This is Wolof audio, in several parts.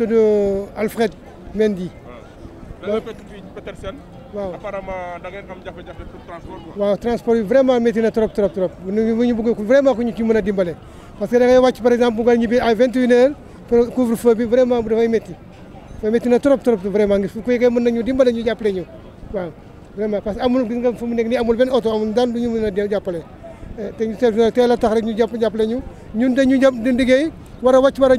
perte euh, de Alfred Mendy. Ah. waaw Petersen. transport waaw transport bi vraiment métti na trop trop trop mu ñu bëgg vraiment ku ñu ci mën a dimbale parce que da ngay wàcc par exemple nga ñibbi ay vingt et une heures couvre feu vraiment dafay métti dafay métti na trop trop vraiment ngir fu koy mën nañu dimbale ñu jàppale ñu waaw vraiment parce que amul gis nga fu mu nekk nii amul benn oto amul daan du ñu mën a jàppale eh, te ñu teel a tax rek ñu jàpp jàppale ñu ñun dañu jàpp di a wàcc war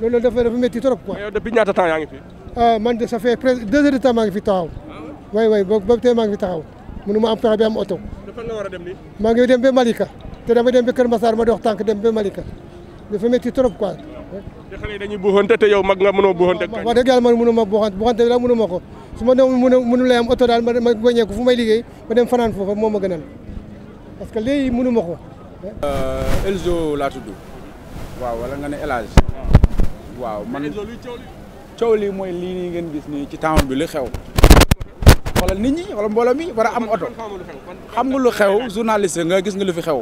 loolu dafa dafa métti trop quoi. mais yow depuis ñaata temps yaa ngi fi. ah man de ça fait presque deux heures de temps maa ngi fi taxaw. waaw waay waay ba tey maa ngi fi taxaw mënuma am pexe bi am oto. fan nga war a dem nii. maa ngi dem ba Malika te dama dem ba Kër Massar ma dox tànk dem ba Malika dafa métti trop quoi. te xale yi dañuy buuxante te yow mag nga mënoo buuxante. waaw wax dëgg yàlla man mënuma buuxante buuxante bi daal mënuma ko su ma doon mën a mënu lay am oto daal ma wàññeeku fu may liggéey ma dem fanaan foofa moo ma gënal parce que léegi mënuma ko. Euh, Elzo laa tudd. waaw wala nga ne El Hadj ah. waaw man coow lii mooy lii nii ngeen gis nii ci town bi li xew xoolal nit ñi wala mbooloo mi war a am oto xam nga lu xew journaliste nga gis nga lu fi xew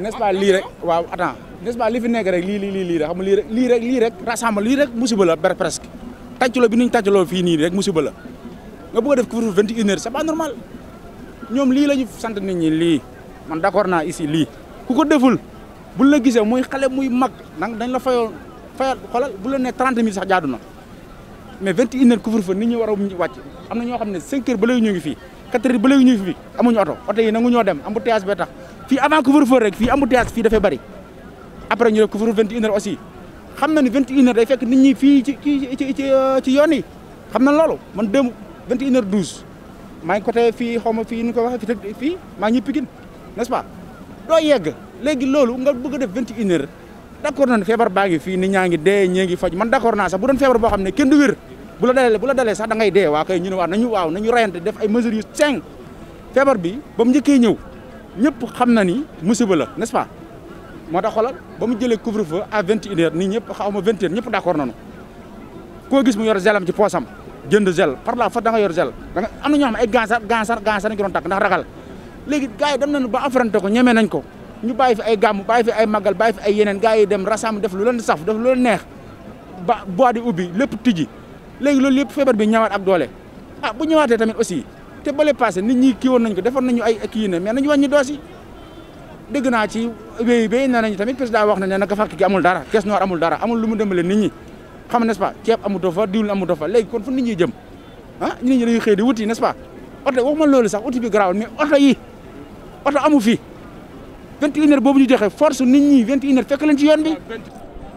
n'est-ce pas lii rek ah, waaw attends n'est-ce pas li fi nekk rek lii lii lii lii rek xam nga lii rek lii rek lii rek rassemble lii rek musiba la ber presque tàccaloo bi nuñ loo fii nii rek musiba la nga bëgg a def couvre-feu vingt et une heures c'est pas normal ñoom lii la ñu sant nit ñi lii man d'accord naa ici lii ku ko deful buñ la gisee muy xale muy mag nag dañ la fayoon fayal xoolal bu leen ne trente mille sax jaadu na mais vingt et une heures couvre-feu nit ñi war a wàcc am na ñoo xam ne cinq heures ba léegi ngi fi quatre heures ba léegi ñu amuñu oto oto yi nangu ñoo dem embouteillage bee tax fii avant couvre-feu rek fii embouteillage fii dafay bari après ñu def couvre-feu vingt et une aussi xam na ne vingt et une day fekk nit ñi fii ci ci ci ci euh, yoon yi xam na loolu man démb vingt et une douze maa ngi côté fii xaw ma fii ni ko waxee fii maa ñi Pikine n'est-ce pas léegi loolu nga bëgg a def vingt et d' na nañ feebar baa ngi fii nit ñaa ngi dee ñee ngi faj man d' accord naa sax bu doon feebar boo xam ne kenn du wér bu la dalee sax da dee waa kay ñu ne waaw nañu waaw nañu reyante def ay mesures yu feebar bi ba mu njëkkee ñëw ñëpp xam na ni musiba la n'est-ce pas moo tax xoolal ba mu jëlee couvre-feu à vingt une heure nii ñëpp xaw ma vingt heure ñëpp d' accord nañu koo gis mu yor gelam ci poosam jënd gel par la fa da nga yor am na ñoo xam ay gansar gansar gansar ñu doon takk ndax léegi gars yi dem nañu ba affronté ko ñemee nañ ko ñu bàyyi fi ay gàmm bàyyi fi ay màggal bàyyi fi ay yeneen gaa yi dem rasam def lu leen saf def lu leen neex ba bois di ubbi lépp tijji léegi loolu yëpp feebar bi ñëwaat ak doole ah bu ñëwaatee tamit aussi te bale passé nit ñi kii woon nañ ko defoon nañu ay kii ne mais nañu wàññi ñi yi dégg naa ci wéy béy nee nañu tamit président wax na ne naka fàkk gi amul dara caisse noire amul dara amul lu mu demalee nit ñi xam n'est-ce pas ceeb amu dofa diwlin amu dofa léegi kon fu nit ñi jëm ah nit ñi dañuy xëy di wuti n'est-ce pas loolu sax uti bi garawal mais oto yi amu fii vingt et une heures boobu ñu joxe force nit ñi vingt et une heures fekk leen ci yoon bi.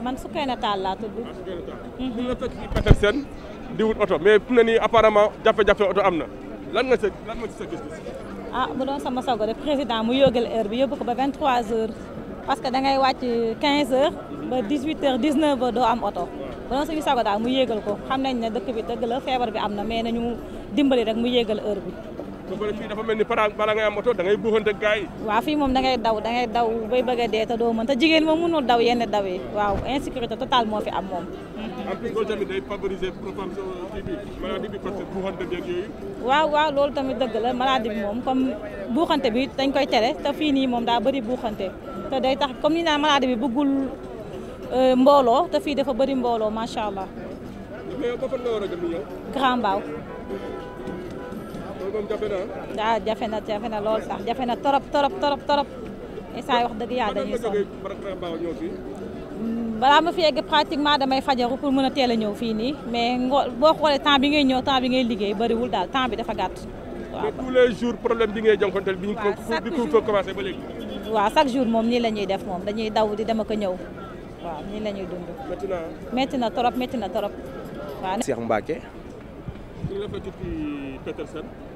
man Soukeyna Tall laa tudd. ñu mhm. la fekk oto mais fu ne nii apparemment jafe-jafe oto am na lan nga sa lan nga ci sa gis-gis. ah bu doon sama sago de président bi yóbbu ko ba vingt trois heures parce que da ngay wàcc quinze heures ba dix huit heures dix neuf heures oto. bu doon suñu sago daal mu yéegal ko xam nañ ne dëkk bi dëgg feebar bi am na mais nañu dimbali rek mu yéegal heure bi. ba pare fii dafa mel ni para bala ngay am oto da ngay buuxante ak gars yi waaw fii moom da ngay daw da ngay daw bay bëgg dee te doo mën te jigéen moom mënul daw yenn daw yi waaw insécurité totale moo fi am moom en plus loolu tamit day favoriser propagation waaw waaw loolu tamit dëgg la maladie bi moom comme buuxante bi dañ koy tere te fii nii moom daa bëri buuxante te day tax comme ni naan maladie bi bëggul euh, mbooloo te fii dafa bëri mbooloo macha allah a jëm Grand Mbao waaw ah, jafe na jafe na lool sax jafe na torop torop torop torop instant eh, wax dëgg yàlla dañuy sonn mm, balaa ma fi yegg pratiquement damay fajaru pour mën a teel a ñëw fii nii mais ngoo boo xoolee temps bi ngay ñëw temps bi ngay liggéey bariwul daal temps bi dafa gàtt. waaw tous les jours problème bi ngay bi ñu ko bi ñu commencé ba léegi. waaw chaque jour moom nii la ñuy def moom dañuy daw di dem ak a ñëw waaw nii la ñuy dund. métti na métti na trop métti na trop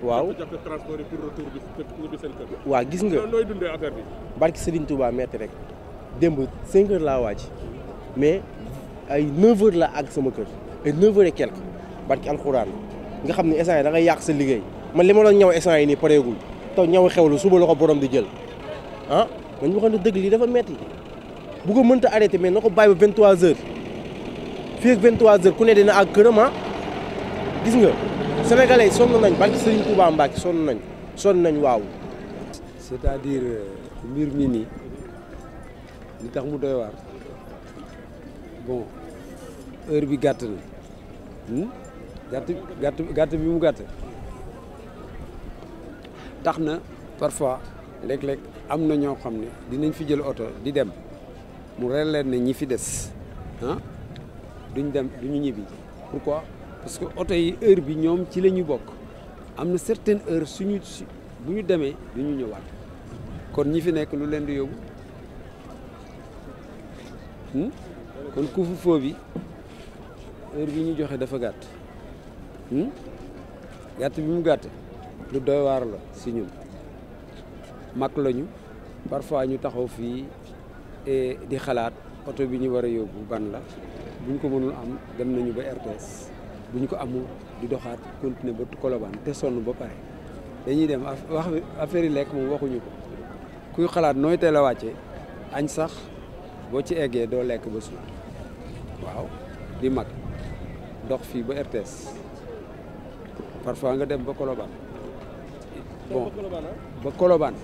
waaw waa gis nga barki Serigne Touba metti rek démb cinq heures laa waaj mais ay neuf heures laa àgg sama kër ay neuf heures et quelque barki alxuraan nga xam ni instant yi da yàq sa liggéey man li ma doon ñaw instant yi nii pareegul taw ñaw xewlu suba la ko borom di jël ah man ñu xam ne dëgg lii dafa metti bu ko mënta arrêté mais na ko ba vingt trois heures fii vingt trois heures ku ne dina àgg këram ah gis nga sénégalais yi sonn nañ barki Serigne Touba Mbacke sonn nañ sonn nañ waaw. c'est-à-dire euh, mbir mi nii li tax mu doy waar bon heure bi gàtt na hmm? gàtt gàtt gàtt bi mu gàtt tax na parfois léeg-léeg am na ñoo xam ne dinañ fi jël oto di dem mu reer leen ne ñi fi des ah, duñ dem duñu ñibbi pourquoi. parce que oto yi heure bi ñoom ci la ñu bokk am na certaine heure suñu bu ñu demee du ñu ñëwaat kon ñi fi nekk lu leen di yóbbu hmm? kon couvre-feu heure bi ñu joxe dafa gàtt hmm? gàtt bi mu gàtt lu doy waar la si ñun mag lañu parfois ñu taxaw fii e, di xalaat oto bi ñu war a yóbbu ban la buñ ko mënul am dem nañu ba RTS bu ñu ko amul di doxaat continuer ba Colobane te sonn ba pare dañuy dem wax affaire yi lekk moom waxuñu ko kuy xalaat nooy teel a wàcce añ sax boo ci eggee doo lekk ba suur waaw di mag dox fii ba RTS parfois nga dem ba Colobane bon ba Colobane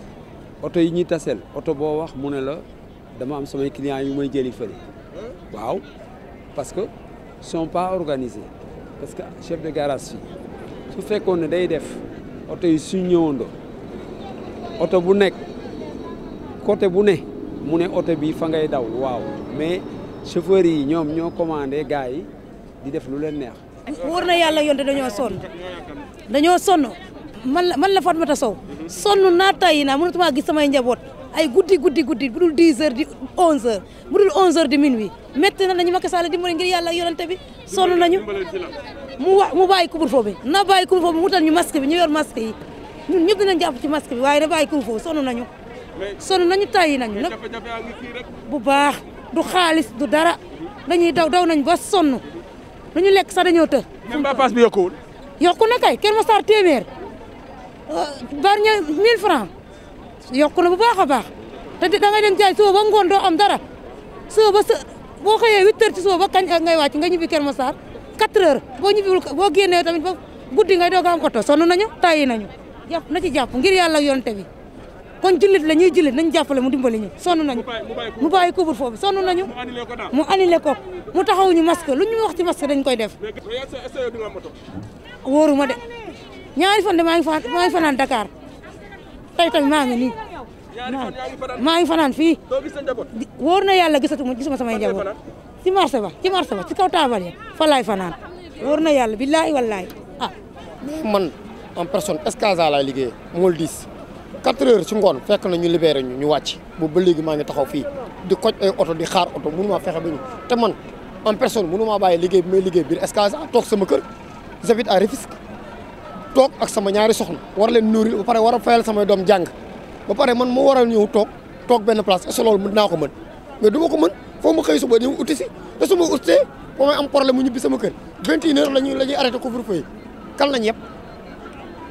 oto yi ñuy tasel oto boo wax mu ne la dama am samay clients yu may jëli fële waaw parce que son pas organisés parce que chef de garage su fekkoon ne day def oto yi suñ ñëwoondo oto bu nekk côté bu ne mu ne oto bi fa ngay daw waaw mais chauffeur yi ñoom ñoo commandé gars yi di def lu leen neex. wóor na yàlla yoon dañoo sonn dañoo sonn man la man la Fatmata Sow sonn naa tàyyi naa mënatumaa gis samay njaboot. ay guddi guddi guddi bu dul 10 heures di 11 heures bu dul 11 di minuit métti na nañu Macky Sall dimbali ngir yàlla ak yonante bi sonn nañu mu wa mu bàyyi na bàyyi couvre-feu bi mu wutal ñu masque bi ñu yor masque yi ñun ñëpp dinañ jàpp ci masque bi waaye na bàyyi couvre-feu sonn nañu sonn nañu tàyyi nañu nag bu baax du xaalis du dara dañuy daw daw nañ ba sonn lu ñu lekk sax dañoo të même ba pass bi yokkuwul yokku na kay Kër Massar téeméer bar ña 1000 francs yokku na bu baax a baax te da ngay dem jaay suba ba ngoon doo am dara suba ba sa boo xëyee huit heures ci suba ba kañ ngay wàcc nga ñibbi Kër Massar quatre heures boo ñibbiwul boo génnee tamit ba guddi ngay doog a am oto sonn nañu tàyyi nañu jàpp na ci jàpp ngir yàlla yonte bi kon jullit la ñuy jullit nañ jàppale mu dimbali ñu sonn nañu mu bàyyi couvre foofu sonn nañu mu annulé ko mu taxaw ñu masque lu ñu wax ci masque dañ koy def wóoru ma de ñaari fan de maa ngi fanaan Dakar tey tey maa ngi nii maa ngi fanaan fii wóor na yàlla gis gisatuma gisuma samay njaboot ci marché ba ci marché ba ci kaw taabal ya fa laay fanaan wóor na yàlla billaahi wallaahi ah man en personne Escasa laay liggéey mool diis quatre heures ci ngoon fekk na ñu libéré ñu ñu wàcc boobu ba léegi maa ngi taxaw fii di koj ay oto di xaar oto mënumaa fexe ba ñu te man en personne mënumaa bàyyi liggéey bi may a biir toog sama kër j'habite à toog ak sama ñaari soxna war leen nourrir ba pare war a fayal samay doom jàng ba pare man mu war a ñëw toog toog benn place est-ce que loolu naa ko mën mais du ma ko mën foofu ma xëy suba ñëw uti si ma utee ba may am problème mu ñibbi sama kër vingt et une heures la ñuy la ñuy arrêté couvre-feu yi kan lañ yëpp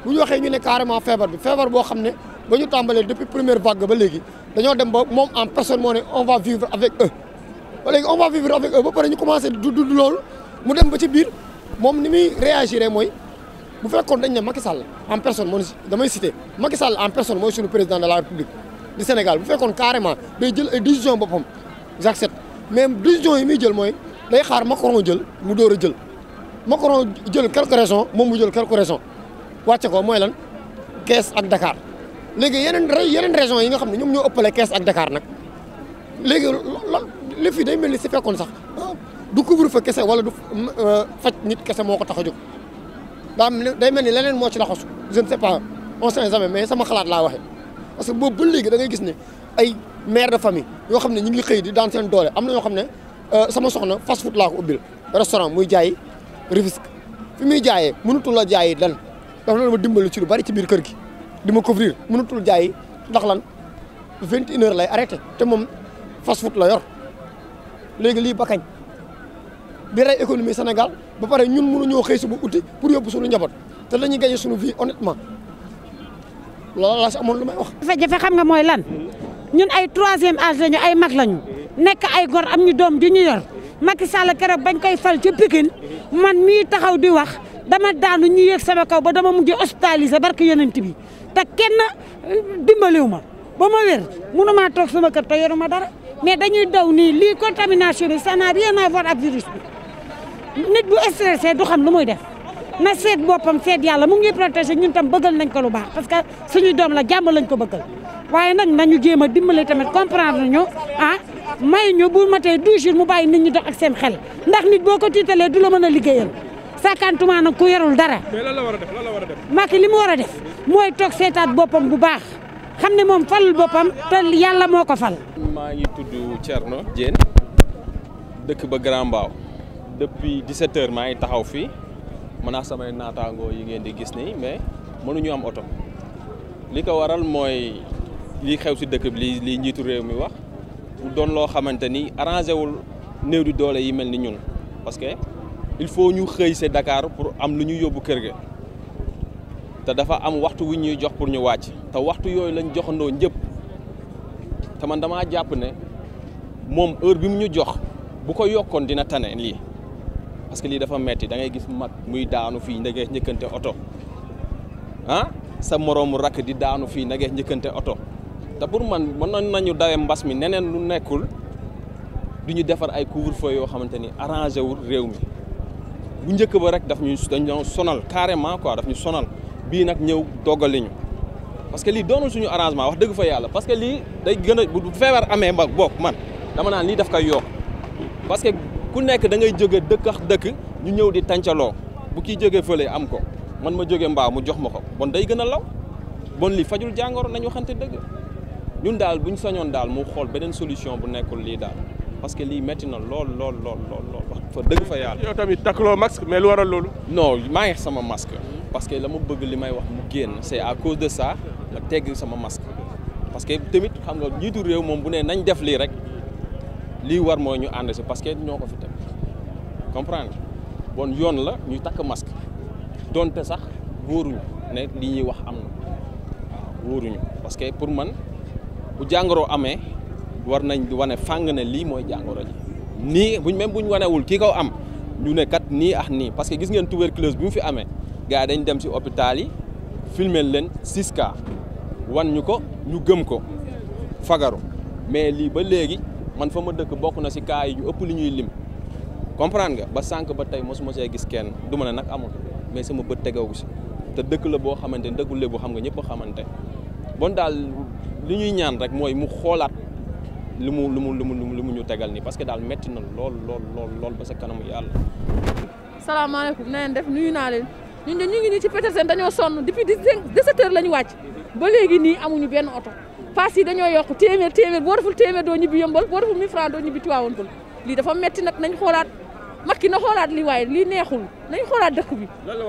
bu ñu waxee ñu ne carrément feebar bi feebar boo xam ne ba ñu tàmbalee depuis première vague ba léegi dañoo dem ba moom en personne moo ne on va vivre avec eux ba léegi on vivre avec ba pare ñu commencé du du loolu mu dem ba ci biir moom ni muy réagir mooy bu fekkoon dañ ne Macky Sall en personne moo damay cité Macky Sall en personne mooy suñu président de la république du Sénégal bu fekkoon carrément day jël ay décision boppam j'accepte mais décision yi muy jël mooy day xaar Macron jël mu door a jël Macron jël quelque raison moom mu jël quelque raison wàcce ko mooy lan Kees ak dakaar léegi yeneen yeneen régions yi nga xam ne ñoom ñoo ëppale Kees ak Dakar nag léegi lan li fi day mel ni si fekkoon sax ah, du couvre-feu kese wala du euh, faj nit kese moo ko tax a jóg daa day mel ni leneen moo ci laxasu je se sais pas on sait jamais mais sama xalaat laa waxee parce que boobu ba léegi da gis ne ay mère de famille yoo xam ne ñu ngi xëy di daan seen doole am na ñoo xam ne euh, sama soxna fast food laa ko ubbil restaurant muy jaay Rufisque fi muy jaayee mënutul la jaayi lan dafa la ma dimbali ci lu bari ci biir kër gi di ma couvrir mënutul jaay ndax lan vingt une lay arrêté te moom fast food la yor léegi lii ba kañ bi rey économie Sénégal ba pare ñun mënuñoo xëy suba uti pour yóbbu suñu njaboot te dañuy gagné suñu vie honnêtement loolu laa si amoon lu may wax. jafe-jafe xam nga mooy lan ñun ay troisième âge lañu ay mag lañu nekk ay gor am ñu doom ji ñu yor Macky Sall keroog bañ koy fal ci Pikine man mii taxaw di wax dama daanu ñu yéeg sama kaw ba dama mujj hospitalisé barke yonent bi te kenn euh, dimbaliwu ma ba ma wér mënumaa toog sama kër te yoruma dara mais dañuy daw nii lii contamination bi ça n'a rien nit bu stressé du xam lu muy def na seet boppam seet yàlla mu ngi protéger ñun tam bëggal nañ ko lu baax parce que suñuy doom la jàmm lañ ko bëggal waaye nag nañu jéem a dimbale tamit comprendre ñu ah may ñu bu matee douze jours mu bàyyi nit ñi dox ak seen xel ndax nit boo ko tiitalee du la mën a liggéeyal sàkkantuma nag ku yarul dara. mais lan la war a la war a def. Macky li mu war a def mooy toog seetaat boppam bu baax xam ne moom falul boppam te yàlla moo ko fal. maa ngi tudd Thierno Diène dëkk ba Grand Mbao depuis 17 heures maa ngi taxaw fii mën naa samay naataangoo yi ngeen di gis nii mais mënuñu am oto li ko waral mooy li xew si dëkk bi li li njiitu réew mi wax doon loo xamante ni arrangé wul néew di doole yi mel ni ñun parce que il faut ñu xëy see Dakar pour am lu ñu yóbbu kër ga te dafa am waxtu wu ñuy jox pour ñu wàcc te waxtu yooyu lañ joxandoo ñëpp te man damaa jàpp ne moom heure bi mu ñu jox bu ko yokkoon dina tane lii parce que lii dafa metti da ngay gis mag muy daanu fii ndagee njëkkante oto ah, sa moroomu rakk di daanu fii ndegee njëkkante oto te pour man mën nañu dawe mbas mi neneen lu nekkul du ñu defar ay couvre-feu yoo xamante ni arrangé wul réew mi bu njëkk ba rek daf ñuy dañoo sonal carrément quoi daf ñu sonal bii nag ñëw doggali ñu parce que lii doonul suñu arrangement wax dëgg fa yàlla parce que lii day gëna a bu feebar amee ba bokk man dama naan lii daf koy yokk ku nekk dangay jóge dëkk ak dëkk ñu ñëw di tàncaloo bu kii jógee fële am ko man ma jóge mbaa mu jox ma ko bon day gën a law bon li fajul jàngoro nañu xante dëgg ñun daal bu ñu sañoon daal mu xool beneen solution bu nekkul lii daal parce que lii métti na lool lool lool lool wax fa dëgg fa yàlla. yow tamit takkuloo masque mais lu waral loolu. noo maa ngi sama masque. parce que la ma bëgg li may wax mu génn c'est à cause de ça ma tegg sama masque parce que tamit xa nga njiitu réew bu ne nañ def lii rek. lii war mooy ñu ànd si parce que ñoo ko fi teg comprendre bon yoon la ñu takk masque donte sax wóoruñu ne li ñuy wax am na waaw wóoruñu parce que pour man bu jàngoro amee war nañ wane fàng ne lii mooy jàngoro ji nii buñ même buñ wanewul kii kaw am ñu ne kat nii ak nii parce que gis ngeen tuberculose bi mu fi amee gars yi dañ dem si hôpital yi filmer leen siska wan ñu ko ñu gëm ko fagaru mais lii ba léegi. man fa ma dëkk bokk na si cas yi ñu ëpp li ñuy lim comprendre nga ba sànq ba tey mosuma see gis kenn du ma ne nag amut mais sama bët tegawu si te dëkk la boo xamante ne dëkku lébu xam nga ñëpp a bon daal li ñuy ñaan rek mooy mu xoolaat li mu lu mu lu mu lu mu ñu tegal nii parce que daal metti na lool lool lool lool ba sa kanamu yàlla. salaamaaleykum na ngeen def naa leen ñun de ñu ngi nii ci Petersen dañoo sonn depuis dix-sept heures la ñu ba léegi nii amuñu benn oto. paas yi dañoo yokk téeméer téeméer boo deful téeméer doo ñibbi yombal boo deful 1000 francs doo ñibbi tuwaawoon bul dafa metti nag nañ xoolaat makki na xoolaat li waaye lii neexul nañ xoolaat dëkk bi lan a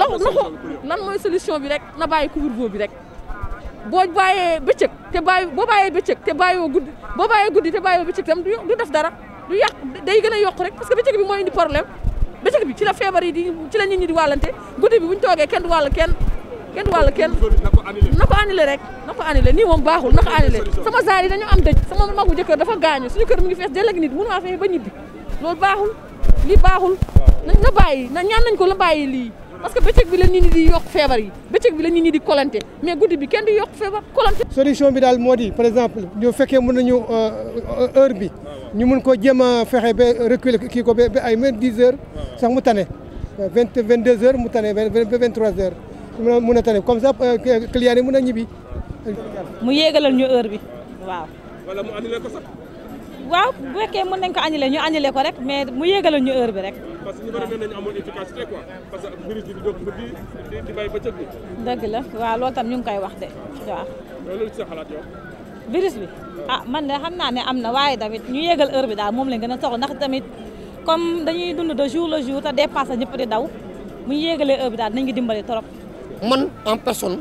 la na xool lan mooy solution bi rek na bàyyi couvre-feu bi rek boo bàyyee bëccëg te bàyyi boo bàyyee bëccëg te bàyyoo guddi boo bàyyee guddi te bàyyoo bëccëg tam du def dara du yàq day a yokk rek parce que bëccëg bi mooy indi problème bëccëg bi ci la feebar yi di ci la nit ñi di wàllante guddi bi buñ toogee kenn du kenn kenn wàll kenn na ko nii moom baaxul na ko annulé sama zaar yi dañu am dëj sama magu jëkkër dafa gaañu suñu kër mu ngi fees dell nit mënu maa fexe ba ñibbi loolu baaxul lii baaxul na bàyyi na ñaan nañ ko la bàyyi lii parce que bëccëg bi la nit ñi di yokk feebar yi bëccëg bi la nit ñi di kolante mais guddi bi kenn di yokk feebar kolante solution bi daal moo di par exemple ñu fekkee mën nañu euh, heure bi ñu mun ko jëm a fexe ba reculer kii ko ba ay même dix heures sax mu tane vingt vingt deux heures mu tane ba vingt trois heures mun a tane comme ça euh, client yi mën a ñibbi. mu yéegalal ñu heure bi waaw. wala mu annulé ko sax. waaw bu fekkee mën nañ ko annulé ñu annulé ko rek mais mu yéegalal ñu heure bi rek. parce que ñu bari la waaw loolu tam ñu ngi koy wax de waaw. loolu ci sa xalaat bi ah man de xam naa ne am na waaye tamit ñu yéegal heure bi daal moom lañ gën a soxla ndax tamit comme dañuy dund de jour le jour te dépassé ñëpp di daw mu ñu yéegalee heure daal nañ ngi dimbali trop. man en personne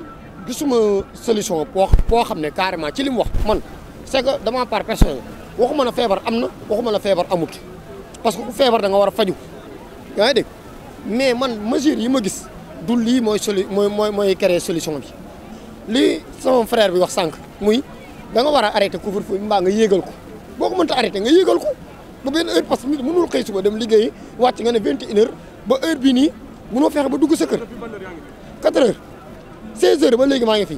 gisuma solution boo boo xam ne carrément ci li wax man c'est que dama par personne waxuma la feebar am na waxuma la feebar amut parce que ku feebar da nga war a faju yaa ngi dégg mais man mesure yi ma gis du lii mooy solu mooy mooy mooy créer solution bi lii sama frère bi wax sànq muy da nga war a arrêter couvre-feu bi mbaa nga yéegal ko boo ko mënta arrêter nga yéegal ko ba benn heure parce que dem liggéeyi wàcc nga ne vingt et ba heure bii nii mënoo fexe ba dugg sa kër quatre heures seize heures ba léegi maa ngi fi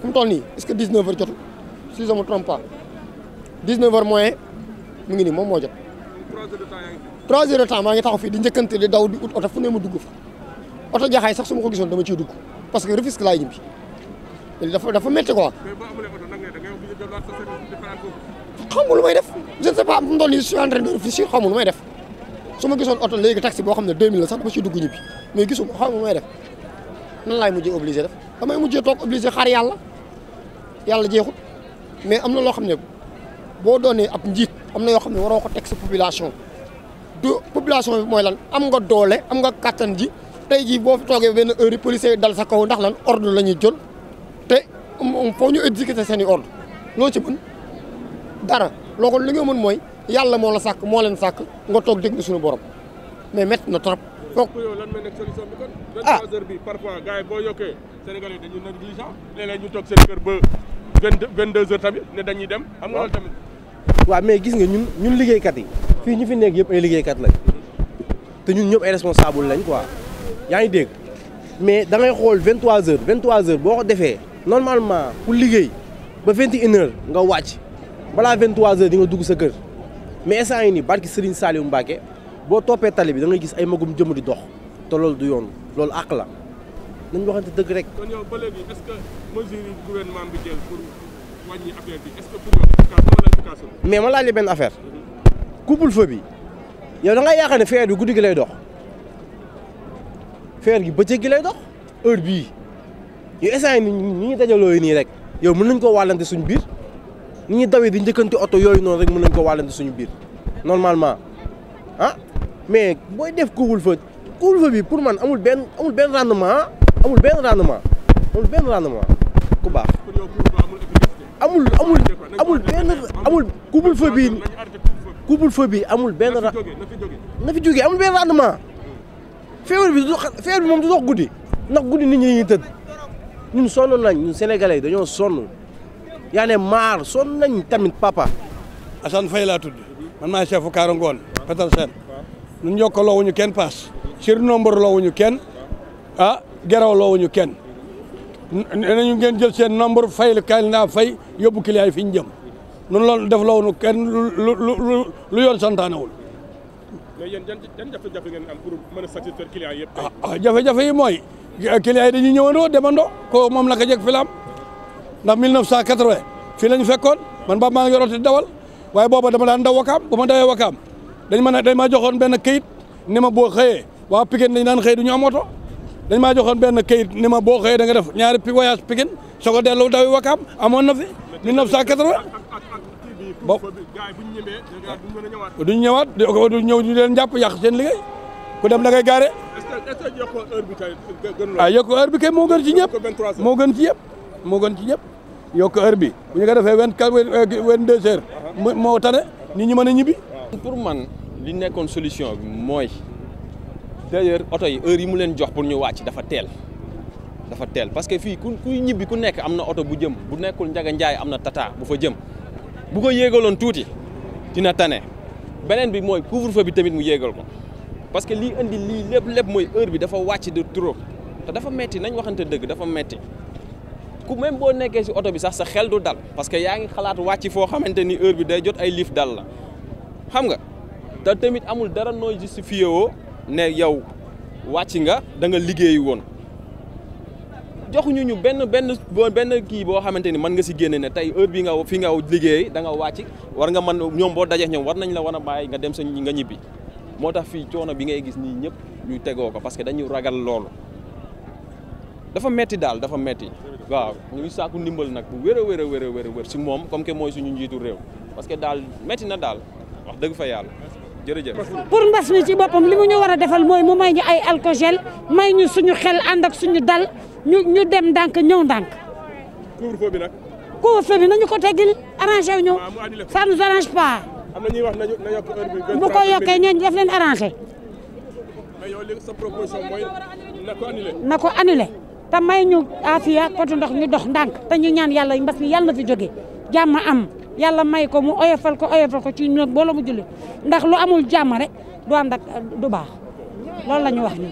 fu mu toll nii est que dix neuf heures jotul si je me trompe pas dix neuf heures mu ngi nii moom moo jot trois heures de temps maa ngi taxaw fii di njëkkante di daw di ut oto fu ne ma dugg fa oto jaxaay sax su ma ko gisoon dama ciy dugg parce que Rufisque laay ñibbi dafa dafa métti quoi xamul lu may def je ne sais pas mu toll nii je suis en train de réfléchir xamul lu may def su ma gisoon oto léegi taxi boo xam ne 2000 la sax dama ciy dugg ñibbi mais gisuma xaw ma may def nan laay mujjee obligé def damay mujjee toog obligé xaar yàlla yàlla jeexut mais am na loo xam ne boo doonee ab njiit am na yoo xam ne waroo ko teg sa population du population bi mooy lan am nga doole am nga kàttan ji tey jii boo fi toogee benn heure yi policiers dal sa kaw ndax lan ordre la ñuy jël te foo ñu exécuter seen i ordre loo ci mën dara loo ko li nga mën mooy. yàlla moo la sàkk moo leen sàkk nga toog déglu suñu borom mais métti na trop. kooku yow lan mooy nekk solution bi kon. ah bi parfois gars yi boo yokkee Sénégalais dañuy négligent léeg-léeg ñu toog seen kër ba vingt vingt deux tamit ne dañuy dem. am na loolu tamit. waaw mais gis nga ñun ñun liggéeykat yi fii ñu fi nekk yëpp ay liggéeykat lañ te ñun ñëpp ay responsable lañ quoi yaa ngi dégg mais da ngay xool 23h 23h boo ko defee normalement ku liggéey ba 21h nga wàcc balaa 23h di nga dugg sa kër. mais instant yi nii barki Serigne Saliou Mbacke boo toppee tali bi dangay gis ay magum jëm di dox te loolu du yoon loolu àq la nañ waxante dëgg rek. mais ma laa la benn affaire couvre-feu bi yow da ngay yaakaar ne feer bi guddi gi lay dox feer gi bëccëg gi lay dox heure bii yow instant yi nii ñu ngi dajaloo nii rek yow mën nañ koo wàllante suñu biir. ni ñuy dawee di njëkkante oto yooyu noonu rek mu nañ ko wàllante suñu biir normalement ah mais booy def couvre-feu couvre-feu bi pour man amul benn amul benn rendement amul ben rendement amul benn rendement baax. amul amul amul benn amul couvre-feu bi amul benn ra na fi jógee amul benn rendement feebar bi du feebar bi moom du dox guddi ndax guddi nit ñi dañuy tëdd ñun sonn nañ ñun sénégalais yi dañoo sonn. yaa ne maar sonn nañ tamit papa. Assane Faye laa tudd man maa chef Kaara Ngoon Petersen ñun yokkaloo wuñu kenn paas sir nombre loo wuñu kenn ah geraw loo wuñu nañu ngeen jël seen nombre fay la kaay naa fay yóbbu client fi ñu jëm ñun loolu def loo wuñu kenn lu lu lu yoon santaanewul. mais yéen yan jafe a satisfaire yëpp. Ah, ah jafe-jafe yi mooy client yi dañuy ñëwandoo demandoo ko moom naka ko jeg ndax 1980 fii la ñu fekkoon man ba maa ngi yoroon di dawal waaye booba dama daan daw wakaam bu ma dawee wakaam dañ ma ne maa joxoon benn kayit ni ma boo xëyee waa Pikine dañ daan xëy du ñu am oto dañ maa joxoon benn kayit ni ma boo xëyee da nga def ñaari voyage Pikine soo ko delloo dawi wakaam amoon na fi 1980 bo duñ ñëwaat duñ ñëw ñu leen jàpp yàq seen liggéey ku dem da ngay gaare. est-ce que yokk heure bi kay gën la. ah yokk heure bi kay moo gën ci ñëpp moo gën ci yëpp. moo gën ci ñëpp yokk heure bi bu ñu ko defee vingt quatre vingt deux heures moo tane ni ñi mën a ñibbi. pour man li nekkoon solution bi mooy d'ailleurs oto yi heure yi mu leen jox pour ñu wàcc dafa teel dafa teel parce que fii ku ñibbi ku nekk am na oto bu jëm bu nekkul Ndiaga njaay am na tata bu fa jëm bu ko yéegaloon tuuti dina tane beneen bi mooy couvre-feu bi tamit mu yéegal ko parce que lii indi lii lépp lépp mooy heure bi dafa wàcc de trop te dafa metti nañ waxante dëgg dafa metti ku même boo nekkee si oto bi sax sa xel du dal parce que yaa ngi xalaat wàcc foo xamante ni heure bi day jot ay liif dal la xam nga te tamit amul dara nooy justifié woo ne yow wàcc nga da nga liggéey woon joxuñu ñu benn benn benn kii boo xamante ni mën nga si génne ne tey heure bi nga fi nga liggéey da nga wàcc war nga mën ñoom boo dajee ñoom war nañ la war a bàyyi nga dem sa nga ñibbi moo tax fii coono bi ngay gis nii ñëpp ñu tegoo ko parce que dañu ragal loolu dafa metti daal dafa metti waaw ñu ngi sàkku ndimbal nag bu wér a wér a si moom comme que mooy suñu njiitu réew parce que daal métti na daal wax dëgg fa yàlla jërëjëf. pour mbas mi ci boppam li mu ñu war a defal mooy mu may ñu ay alcogel may ñu suñu xel ànd ak suñu dal ñu ñu dem ndànk ñëw ndànk. couvre-feu bi nag. couvre-feu ko teggil arrangé wu ñu. Ah, ça nous arrange pas. am na ñuy wax nañu na yokk heure bi. bu ko yokkee ñooñu daf leen arrangé. mais yow léegi sa proposition mooy te may ñu afiya potu ndox ñu dox ndànk te ñu ñaan yàlla mbas mi yàlla na fi jóge jàmm am yàlla may ko mu oyofal ko oyofal ko ci ñoom mbooloo mu julli ndax lu amul jàmm rek du ànd du baax loolu la ñu wax ñun.